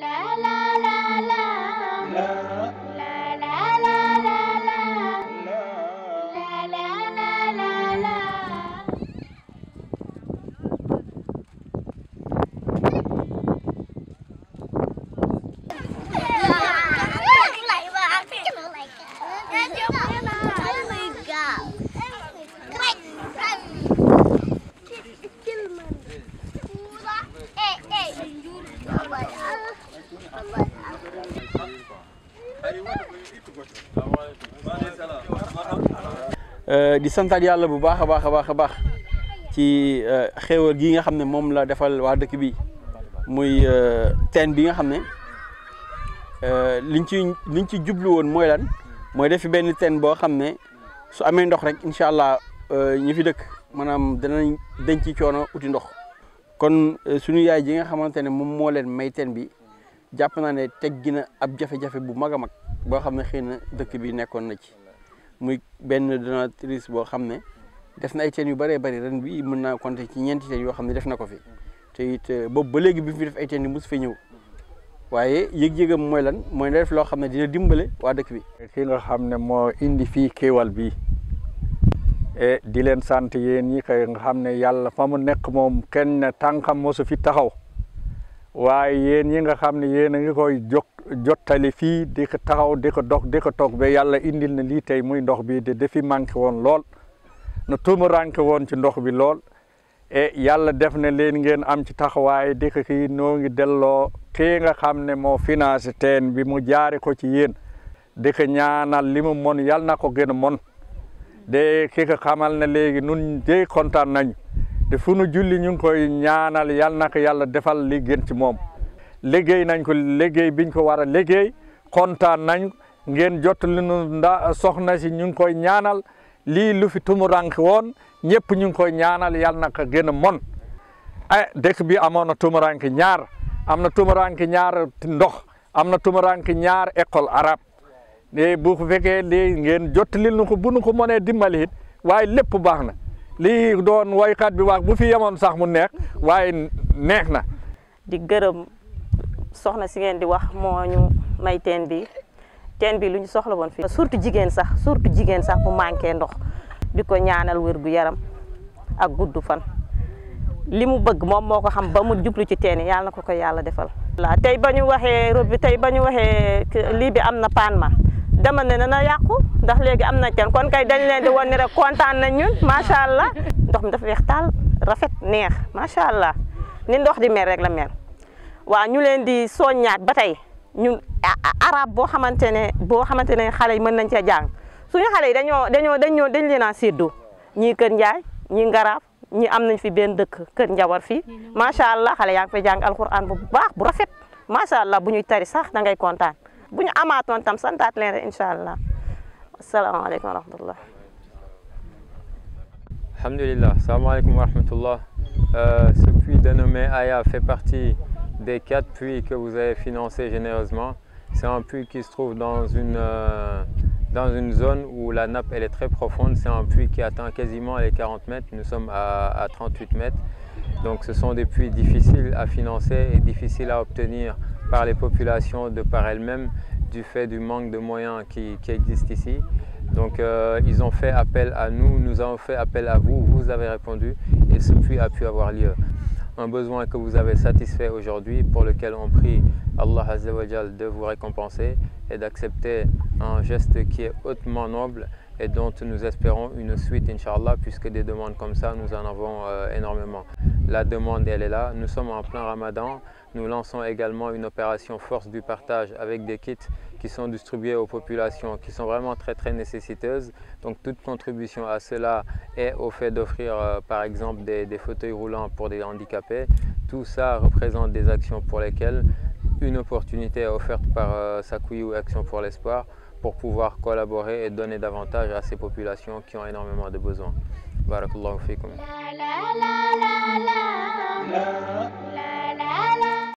la la Euh, di santaat yàlla bu baax a baax a baax a baax ci euh, xéewal gi nga xam ne moom la defal waa dëkk bi muy euh, teen bi nga xam ne liñ ci liñ ci jublu woon mooy lan mooy def benn teen boo xam ne su amee ndox rek incha allah ñu fi dëkk maanaam danañ denc coono uti ndox kon suñu yaay ji nga xamante ne moom moo leen may teen bi jàpp naa ne teggi na ab jafe-jafe bu mag a mag boo xam ne xëy na dëkk bi nekkoon na ci muy benn donatrice boo xam ne def na ay teen yu bëree bëri ren bi mën naa compter ci ñeenti teen yoo xam ne def na ko fi te it euh, boobu ba léegi bi mu fi def ay teen yi mos ñëw waaye yëg-yëgam mooy lan mooy na def loo xam ne dina dimbale waa dëkk bi. ki nga xam ne moo indi fii kéwal bi e di leen sant yéen ñi nga xam ne yàlla fa mu nekk moom kenn tànkam mosu fi taxaw. waaye yéen yi nga xam ne yéen a ngi koy jok jottali fii di ko taxaw di ko dog di ko toog ba yàlla indil na lii tey muy ndox bi de defi manqué woon lool nu tuumuranke woon ci ndox bi lool e yàlla def na leen ngeen am ci taxawaay di ko kii noo ngi delloo kii nga xam ne moo financé teen bi mu jaare ko ci yéen di ko ñaanal li mu mon yàlla na ko gën a mon de ki ko xamal ne léegi nun dey kontaan nañu funu fu julli ñu ngi koy ñaanal yal na ko yàlla defal li gën ci moom liggéey nañ ko liggéey biñ ko war a liggéey kontaan nañ ngeen jottali nu nda soxna si ñu ngi koy ñaanal lii lu fi tumurank woon ñëpp ñu ngi koy ñaanal yal na ko gën a mon eh, dëkk bi amoon na tumurank ñaar am na tumurank ñaar ndox am na tumurank ñaar école arab te eh, bu fekkee lii ngeen jottali nu ko bu nu ko mënee dimbali waaye lépp baax na lii doon woykat bi wax bu fi yemoon sax mu neex waaye neex na. di gërëm soxna si ngeen di wax moo ñu may teen bi teen bi lu ñu soxla woon fi surtout jigéen sax surtu jigéen sax bu manqué ndox di ko ñaanal wér gu yaram ak gudd fan li mu bëgg moom moo ko xam ba mu jublu ci teen yi yàlla na ko ko yàlla defal. tey ba ñu waxee rob bi tey ba ñu waxee lii bi am na paan ma dama ne na yaqku ndax legi amna na kon kay dañ leen di wan ni rek contane nañ ñun macha allah ndox mi dafa wex tal rafet neex macha allah ni ndox di mer rek la mer wa ñu leen di soñaat batay ñun arab bo xamantene bo xamantene xalé ne mën nañ ci jang suñu xalé dañoo dañoo dañoo dañ leena seddu ñi keur Kër Njaay ñii Ngaraaf ñii am nañ fi ben dekk keur Njawar fii macha allah xale yaa ngi fay jàng alquran bu baax bu rafet macha allah bu ñuy tari sax da ngay contane wa wa euh, ce puits dénommé Aya fait partie des quatre puits que vous avez financés généreusement c'est un puits qui se trouve dans une euh, zone où la nappe elle est très profonde. C'est un puits qui atteint quasiment les 40 mètres. Nous sommes à, 38 mètres. Donc ce sont des puits difficiles à financer et difficiles à obtenir les populations de par elles-mêmes du fait du manque de moyens qui, qui existe ici. Donc euh, ils ont fait appel à nous, nous avons fait appel à vous, vous avez répondu et ce puits a pu avoir lieu. Un besoin que vous avez satisfait aujourd'hui pour lequel on prie Allah Azzawajal de vous récompenser et d'accepter un geste qui est hautement noble et dont nous espérons une suite, Inch'Allah, puisque des demandes comme ça, nous en avons euh, énormément. La demande, elle est là. Nous sommes en plein ramadan. Nous lançons également une opération force du partage avec des kits qui sont distribués aux populations qui sont vraiment très très nécessiteuses. Donc toute contribution à cela est au fait d'offrir euh, par exemple des, fauteuils roulants pour des handicapés. Tout ça représente des actions pour lesquelles une opportunité est offerte par euh, ou Action pour l'Espoir pour pouvoir collaborer et donner davantage à ces populations qui ont énormément de besoins.